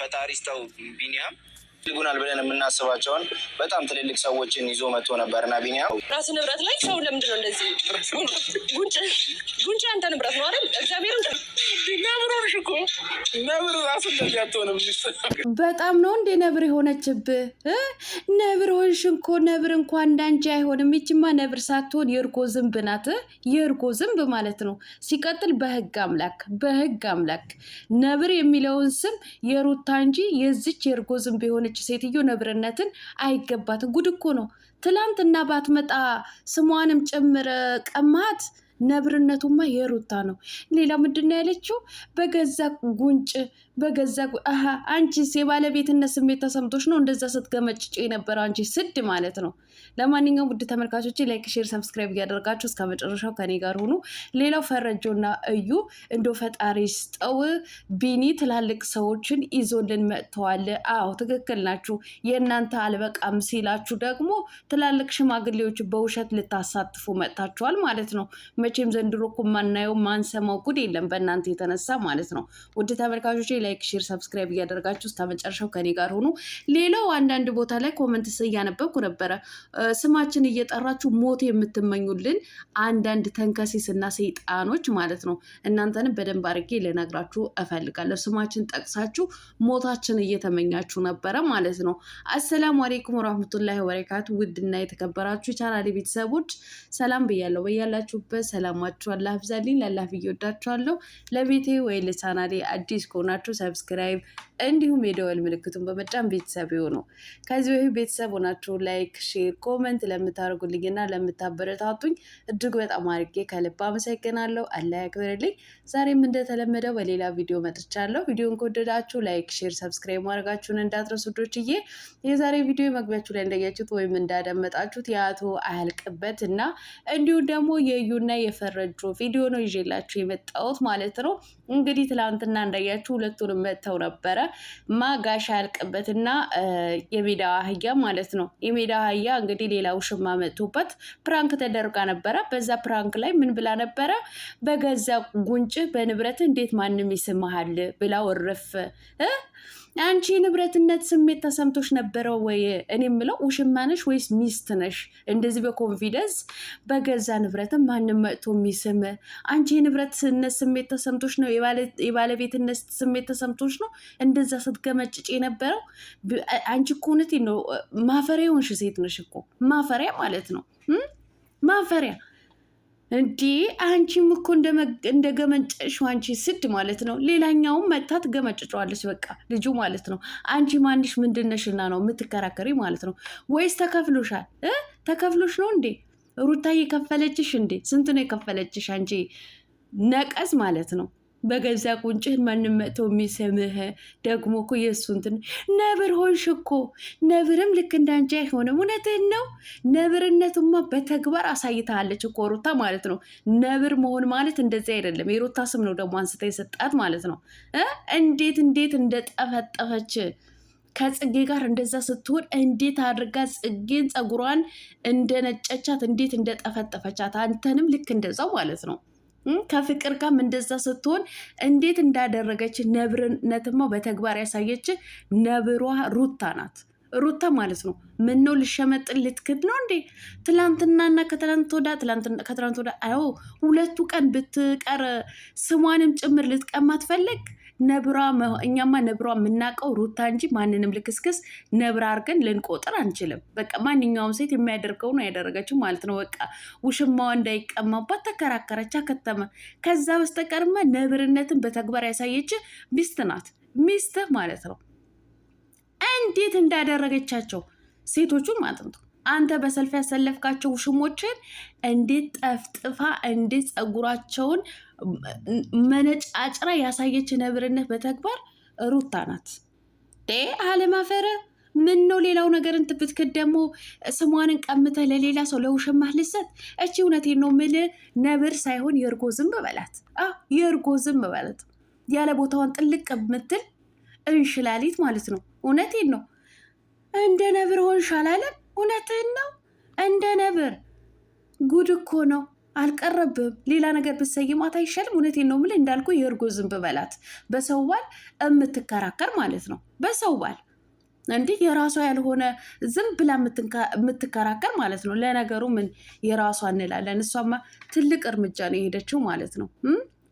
ፈጣሪ ስተው ቢኒያም ይልጉናል ብለን የምናስባቸውን በጣም ትልልቅ ሰዎችን ይዞ መጥቶ ነበር እና ቢኒያም ራስ ንብረት ላይ ሰው ለምንድን እንደዚህ ጉንጭ? አንተ ንብረት ነው አይደል? እግዚአብሔር ነብሮር ሽኮ ነብር ራሱ እንደዚህ አትሆንም። በጣም ነው እንዴ ነብር የሆነችብህ ነብር ነብርሽ እንኮ ነብር እንኳ እንዳንቺ አይሆንም። ይችማ ነብር ሳትሆን የእርጎ ዝንብ ናት። የእርጎ ዝንብ ማለት ነው። ሲቀጥል በህግ አምላክ በህግ አምላክ ነብር የሚለውን ስም የሩታ እንጂ የዚች የእርጎ ዝንብ የሆነች ሴትዮ ነብርነትን አይገባትም። ጉድ እኮ ነው። ትላንትና ባትመጣ ስሟንም ጭምር ቀማት። ነብርነቱማ የሩታ ነው። ሌላ ምንድን ነው ያለችው? በገዛ ጉንጭ በገዛ አሀ አንቺስ የባለቤትነት ስሜት ተሰምቶች ነው እንደዛ ስትገመጭጭ የነበረው አንቺ ስድ ማለት ነው። ለማንኛውም ውድ ተመልካቾች ላይክ፣ ሼር፣ ሰብስክራይብ እያደረጋችሁ እስከ መጨረሻው ከኔ ጋር ሆኑ። ሌላው ፈረጆና እዩ እንደ ፈጣሪ ስጠው ቢኒ ትላልቅ ሰዎችን ይዞልን መጥተዋል። አዎ ትክክል ናችሁ። የእናንተ አልበቃም ሲላችሁ ደግሞ ትላልቅ ሽማግሌዎች በውሸት ልታሳትፉ መጥታችኋል ማለት ነው። መቼም ዘንድሮ እኮ ማናየው ማንሰማው ጉድ የለም በእናንተ የተነሳ ማለት ነው። ውድ ተመልካቾች ላይክ፣ ሼር፣ ሰብስክራይብ እያደረጋችሁ እስከ መጨረሻው ከኔ ጋር ሆኑ። ሌላው አንዳንድ ቦታ ላይ ኮመንት እያነበብኩ ነበረ ስማችን እየጠራችሁ ሞት የምትመኙልን አንዳንድ ተንከሴስና ሰይጣኖች ማለት ነው። እናንተንም በደንብ አድርጌ ልነግራችሁ እፈልጋለሁ። ስማችን ጠቅሳችሁ ሞታችን እየተመኛችሁ ነበረ ማለት ነው። አሰላሙ አሌይኩም ወራህመቱላሂ ወበረካቱ። ውድና የተከበራችሁ የቻናሌ ቤተሰቦች ሰላም ብያለሁ። በያላችሁበት ሰላማችሁ አላህ ብዛልኝ። ላላህ ብዬ ወዳችኋለሁ። ለቤቴ ወይ ለቻናሌ አዲስ ከሆናችሁ ሰብስክራይብ፣ እንዲሁም የደወል ምልክቱን በመጫን ቤተሰብ ይሁኑ። ከዚህ በፊት ቤተሰብ ሆናችሁ ላይክ፣ ሼር፣ ኮመንት ለምታደርጉልኝና ለምታበረታቱኝ እጅግ በጣም አድርጌ ከልብ አመሰግናለሁ። አላህ ያክብርልኝ። ዛሬም እንደተለመደው በሌላ ቪዲዮ መጥቻለሁ። ቪዲዮን ከወደዳችሁ ላይክ፣ ሼር፣ ሰብስክራይብ ማድረጋችሁን እንዳትረሱ ውዶችዬ። የዛሬ ቪዲዮ መግቢያችሁ ላይ እንዳያችሁት ወይም እንዳደመጣችሁት የአቶ አያልቅበት እና እንዲሁም ደግሞ የዩና የፈረጆ ቪዲዮ ነው ይዤላችሁ የመጣሁት ማለት ነው። እንግዲህ ትላንትና እንዳያችሁ ሁለቱ ሁለቱንም መጥተው ነበረ። ማጋሻ ያልቅበት እና የሜዳ አህያ ማለት ነው። የሜዳ አህያ እንግዲህ ሌላ ውሽማ መጥቶበት ፕራንክ ተደርጋ ነበረ። በዛ ፕራንክ ላይ ምን ብላ ነበረ? በገዛ ጉንጭ በንብረት እንዴት ማንም ይስምሃል ብላ ወረፍ አንቺ ንብረትነት ስሜት ተሰምቶች ነበረው ወይ? እኔ የምለው ውሽማ ነሽ ወይስ ሚስት ነሽ? እንደዚህ በኮንፊደንስ በገዛ ንብረትም ማንም መጥቶ የሚስም አንቺ የንብረትነት ስሜት ተሰምቶች ነው? የባለቤትነት ስሜት ተሰምቶች ነው እንደዛ ስትገመጭጭ የነበረው? አንቺ እኮ እውነቴን ነው ማፈሪያ የሆንሽ ሴት ነሽ እኮ ማፈሪያ ማለት ነው ማፈሪያ እንዴ አንቺም እኮ እንደ ገመጨሽ አንቺ ስድ ማለት ነው። ሌላኛውም መታት ገመጭጫዋለች። በቃ ልጁ ማለት ነው። አንቺ ማንሽ ምንድነሽና ነው የምትከራከሪ ማለት ነው? ወይስ ተከፍሎሻል? ተከፍሎሽ ነው እንዴ? ሩታ የከፈለችሽ እንዴ? ስንት ነው የከፈለችሽ አንቺ ነቀዝ ማለት ነው? በገዛ ቁንጭህን ማንም መጥቶ የሚሰምህ ደግሞ እኮ የእሱ እንትን ነብር ሆንሽ እኮ ነብርም ልክ እንዳንቺ አይሆንም። እውነትህን ነው። ነብርነቱማ በተግባር አሳይታለች እኮ ሩታ ማለት ነው። ነብር መሆን ማለት እንደዚህ አይደለም። የሩታ ስም ነው ደግሞ አንስታ የሰጣት ማለት ነው። እንዴት እንዴት እንደጠፈጠፈች ከጽጌ ጋር እንደዛ ስትሆን እንዴት አድርጋ ጽጌን ጸጉሯን እንደነጨቻት እንዴት እንደጠፈጠፈቻት አንተንም ልክ እንደዛው ማለት ነው። ከፍቅር ጋር እንደዛ ስትሆን እንዴት እንዳደረገች ነብርነትማ በተግባር ያሳየች ነብሯ ሩታ ናት። ሩታ ማለት ነው። ምን ነው ልሸመጥን ልትክድ ነው እንዴ? ትላንትናና ከትላንት ወዳ ከትላንት ወዳ አዎ ሁለቱ ቀን ብትቀር ስሟንም ጭምር ልትቀማ ትፈልግ ነብሯ እኛማ ነብሯ የምናውቀው ሩታ እንጂ ማንንም ልክስክስ ነብር አድርገን ልንቆጥር አንችልም። በቃ ማንኛውም ሴት የሚያደርገው ነው ያደረገችው ማለት ነው። በቃ ውሽማዋ እንዳይቀማባት ተከራከረች፣ አከተመ። ከዛ በስተቀርማ ነብርነትን በተግባር ያሳየች ሚስት ናት። ሚስት ማለት ነው እንዴት እንዳደረገቻቸው ሴቶቹን ማለት ነው። አንተ በሰልፍ ያሰለፍካቸው ውሽሞችን እንዴት ጠፍጥፋ እንዴት ጸጉራቸውን መነጫጭራ ያሳየች ነብርነት በተግባር ሩታ ናት። አለማፈረ ምን ነው ሌላው ነገርን ትብትክት ደግሞ ስሟንን ቀምተ ለሌላ ሰው ለውሽማህ ልሰጥ። እቺ እውነቴን ነው ምል ነብር ሳይሆን የእርጎ ዝም በላት፣ የእርጎ ዝም በላት። ያለ ቦታዋን ጥልቅ ምትል እንሽላሊት ማለት ነው። እውነቴን ነው እንደ ነብር ሆንሽ አላለም ጉድ እኮ ነው አልቀረብም ሌላ ነገር ብትሰይማት አይሻልም? እውነቴን ነው የምልህ። እንዳልኩ የእርጎ ዝንብ በላት በሰው ባል የምትከራከር ማለት ነው። በሰው ባል እንዲህ የራሷ ያልሆነ ዝም ብላ የምትከራከር ማለት ነው። ለነገሩ ምን የራሷ እንላለን። እሷማ ትልቅ እርምጃ ነው የሄደችው ማለት ነው።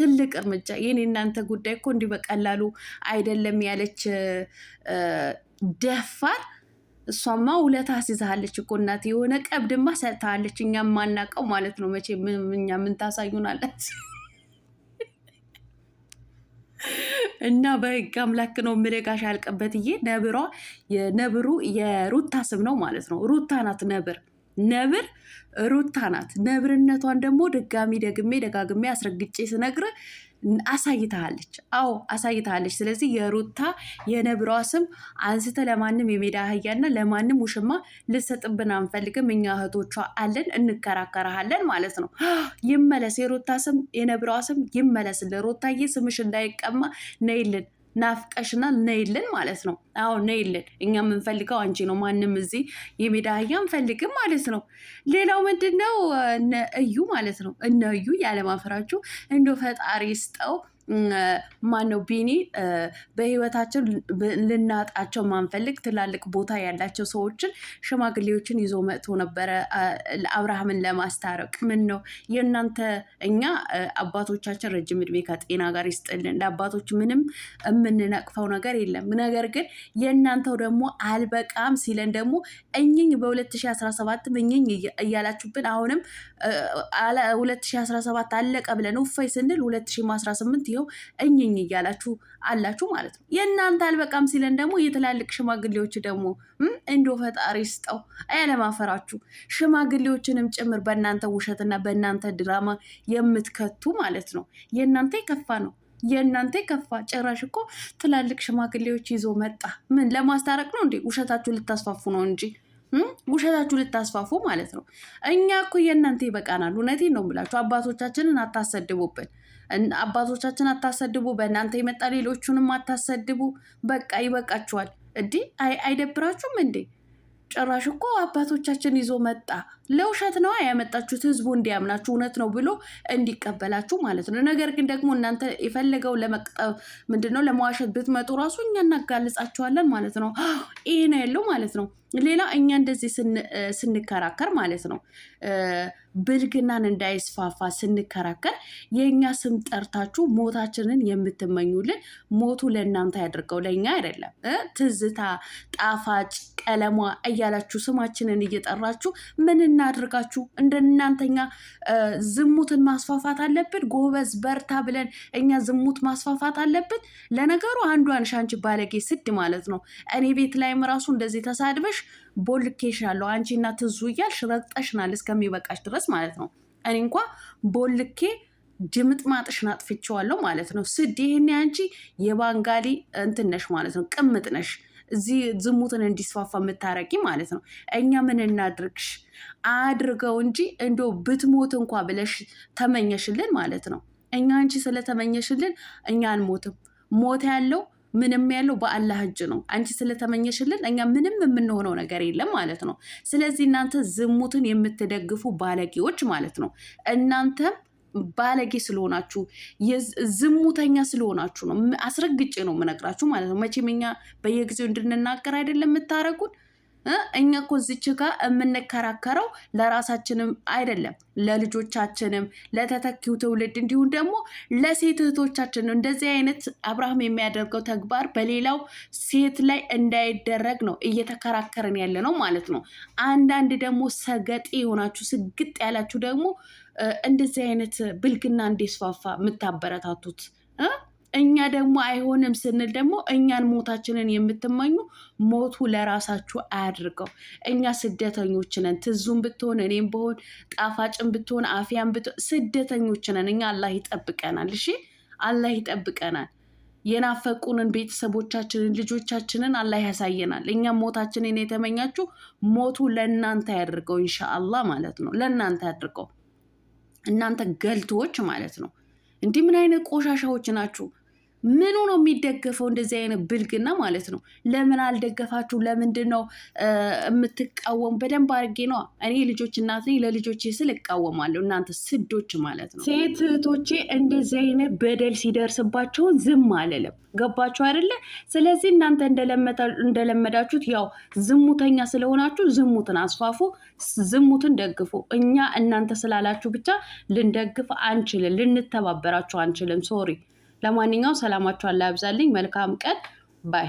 ትልቅ እርምጃ። የኔ እናንተ ጉዳይ እኮ እንዲህ በቀላሉ አይደለም ያለች ደፋር እሷማ ውለታ አስይዛሃለች እኮ እናት፣ የሆነ ቀብድማ ሰታለች። እኛ ማናቀው ማለት ነው። መቼ እኛ ምን ታሳዩናለች? እና በህግ አምላክ ነው ምደጋሽ ያልቀበትዬ ነብሯ፣ የነብሩ የሩታ ስም ነው ማለት ነው። ሩታ ናት ነብር ነብር ሩታ ናት። ነብርነቷን ደግሞ ድጋሚ ደግሜ ደጋግሜ አስረግጬ ስነግር አሳይታለች። አዎ አሳይታለች። ስለዚህ የሩታ የነብሯ ስም አንስተ ለማንም የሜዳ አህያና ለማንም ውሽማ ልሰጥብን አንፈልግም። እኛ እህቶቿ አለን፣ እንከራከራሃለን ማለት ነው። ይመለስ የሩታ ስም የነብሯ ስም ይመለስልን። ሩታዬ ስምሽ እንዳይቀማ ነይልን። ናፍቀሽናል፣ ነይልን ማለት ነው። አዎ ነይልን፣ እኛ የምንፈልገው አንቺ ነው። ማንም እዚህ የሜዳ አህያ አንፈልግም ማለት ነው። ሌላው ምንድን ነው? እዩ ማለት ነው። እነ እዩ ያለማፈራችሁ እንደ ፈጣሪ ስጠው ማነው ቢኒ በህይወታችን ልናጣቸው ማንፈልግ ትላልቅ ቦታ ያላቸው ሰዎችን ሽማግሌዎችን ይዞ መጥቶ ነበረ አብርሃምን ለማስታረቅ። ምን ነው የእናንተ እኛ አባቶቻችን ረጅም እድሜ ከጤና ጋር ይስጥልን። ለአባቶች ምንም የምንነቅፈው ነገር የለም። ነገር ግን የእናንተው ደግሞ አልበቃም ሲለን ደግሞ እኝኝ በ2017 እኝኝ እያላችሁብን አሁንም 2017 አለቀ ብለን ውፋይ ስንል 2018 ይኸው እኝኝ እያላችሁ አላችሁ ማለት ነው። የእናንተ አልበቃም ሲለን ደግሞ የትላልቅ ሽማግሌዎች ደግሞ እንዲሁ ፈጣሪ ስጠው አያለማፈራችሁ ሽማግሌዎችንም ጭምር በእናንተ ውሸትና በእናንተ ድራማ የምትከቱ ማለት ነው። የእናንተ የከፋ ነው። የእናንተ ከፋ። ጭራሽ እኮ ትላልቅ ሽማግሌዎች ይዞ መጣ። ምን ለማስታረቅ ነው እንዴ? ውሸታችሁ ልታስፋፉ ነው እንጂ ውሸታችሁ ልታስፋፉ ማለት ነው። እኛ እኮ የእናንተ ይበቃናል። እውነቴን ነው የምላችሁ። አባቶቻችንን አታሰድቡብን፣ አባቶቻችን አታሰድቡ፣ በእናንተ የመጣ ሌሎቹንም አታሰድቡ። በቃ ይበቃችኋል። እንዲ አይደብራችሁም እንዴ? ጭራሽ እኮ አባቶቻችን ይዞ መጣ። ለውሸት ነዋ ያመጣችሁት፣ ህዝቡ እንዲያምናችሁ እውነት ነው ብሎ እንዲቀበላችሁ ማለት ነው። ነገር ግን ደግሞ እናንተ የፈለገው ለመቅጠብ ምንድነው ለመዋሸት ብትመጡ ራሱ እኛ እናጋልጻችኋለን ማለት ነው። ይሄ ነው ያለው ማለት ነው። ሌላ እኛ እንደዚህ ስንከራከር ማለት ነው ብልግናን እንዳይስፋፋ ስንከራከር የእኛ ስም ጠርታችሁ ሞታችንን የምትመኙልን ሞቱ ለእናንተ ያድርገው፣ ለእኛ አይደለም። ትዝታ ጣፋጭ ቀለሟ እያላችሁ ስማችንን እየጠራችሁ ምን እናድርጋችሁ? እናንተኛ ዝሙትን ማስፋፋት አለብን? ጎበዝ በርታ ብለን እኛ ዝሙት ማስፋፋት አለብን? ለነገሩ አንዷን ሻንች ባለጌ ስድ ማለት ነው እኔ ቤት ላይም ራሱ እንደዚህ ተሳድበሽ ቦልኬሻለሁ አንቺ እና ትዙ እያልሽ ረግጠሽናል እስከሚበቃሽ ድረስ ማለት ነው። እኔ እንኳ ቦልኬ ድምጥ ማጥሽን አጥፍቼዋለሁ ማለት ነው። ስድ ይህን አንቺ የባንጋሊ እንትን ነሽ ማለት ነው። ቅምጥ ነሽ እዚህ ዝሙትን እንዲስፋፋ የምታረቂ ማለት ነው። እኛ ምን እናድርግሽ? አድርገው እንጂ እንዶ ብትሞት እንኳ ብለሽ ተመኘሽልን ማለት ነው። እኛ አንቺ ስለተመኘሽልን እኛ አንሞትም። ሞት ያለው ምንም ያለው በአላህ እጅ ነው። አንቺ ስለተመኘሽልን እኛ ምንም የምንሆነው ነገር የለም ማለት ነው። ስለዚህ እናንተ ዝሙትን የምትደግፉ ባለጌዎች ማለት ነው እናንተም ባለጌ ስለሆናችሁ ዝሙተኛ ስለሆናችሁ ነው። አስረግጬ ነው የምነግራችሁ ማለት ነው። መቼም እኛ በየጊዜው እንድንናገር አይደለም የምታረጉን እኛ እኮ እዚች ጋ የምንከራከረው ለራሳችንም አይደለም፣ ለልጆቻችንም፣ ለተተኪው ትውልድ እንዲሁም ደግሞ ለሴት እህቶቻችን ነው። እንደዚህ አይነት አብርሃም የሚያደርገው ተግባር በሌላው ሴት ላይ እንዳይደረግ ነው እየተከራከርን ያለ ነው ማለት ነው። አንዳንድ ደግሞ ሰገጤ የሆናችሁ ስግጥ ያላችሁ ደግሞ እንደዚህ አይነት ብልግና እንዲስፋፋ የምታበረታቱት እኛ ደግሞ አይሆንም ስንል ደግሞ እኛን ሞታችንን የምትመኙ ሞቱ ለራሳችሁ አያድርገው። እኛ ስደተኞች ነን። ትዙም ብትሆን እኔም ብሆን ጣፋጭን ብትሆን አፍያም ብትሆን ስደተኞች ነን። እኛ አላህ ይጠብቀናል። እሺ አላህ ይጠብቀናል። የናፈቁንን ቤተሰቦቻችንን ልጆቻችንን አላህ ያሳየናል። እኛም ሞታችንን የተመኛችሁ ሞቱ ለእናንተ ያድርገው ኢንሻአላህ ማለት ነው። ለእናንተ ያድርገው እናንተ ገልቶዎች ማለት ነው። እንዲህ ምን አይነት ቆሻሻዎች ናችሁ? ምኑ ነው የሚደገፈው? እንደዚህ አይነት ብልግና ማለት ነው። ለምን አልደገፋችሁ? ለምንድን ነው የምትቃወሙ? በደንብ አድርጌ ነው እኔ ልጆች እናት ነኝ፣ ለልጆቼ ስል እቃወማለሁ። እናንተ ስዶች ማለት ነው። ሴት እህቶቼ እንደዚህ አይነት በደል ሲደርስባቸውን ዝም አልልም። ገባችሁ አይደለ? ስለዚህ እናንተ እንደለመዳችሁት ያው ዝሙተኛ ስለሆናችሁ ዝሙትን አስፋፉ፣ ዝሙትን ደግፉ። እኛ እናንተ ስላላችሁ ብቻ ልንደግፍ አንችልም፣ ልንተባበራችሁ አንችልም። ሶሪ ለማንኛውም ሰላማችኋን ላያብዛልኝ። መልካም ቀን ባይ